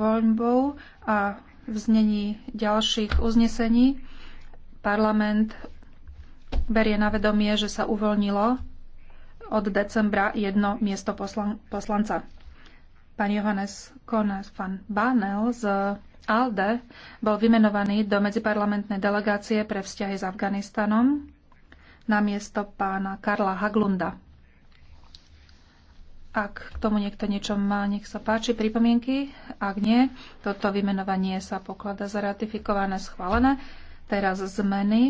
voľbou a v znení ďalších uznesení parlament berie na vedomie, že sa uvoľnilo od decembra jedno miesto poslan- poslanca. Pán Johannes Konas van Banel z ALDE bol vymenovaný do medziparlamentnej delegácie pre vzťahy s Afganistanom na miesto pána Karla Haglunda. Ak k tomu niekto niečo má, nech sa páči pripomienky. Ak nie, toto vymenovanie sa poklada za ratifikované, schválené. Teraz zmeny.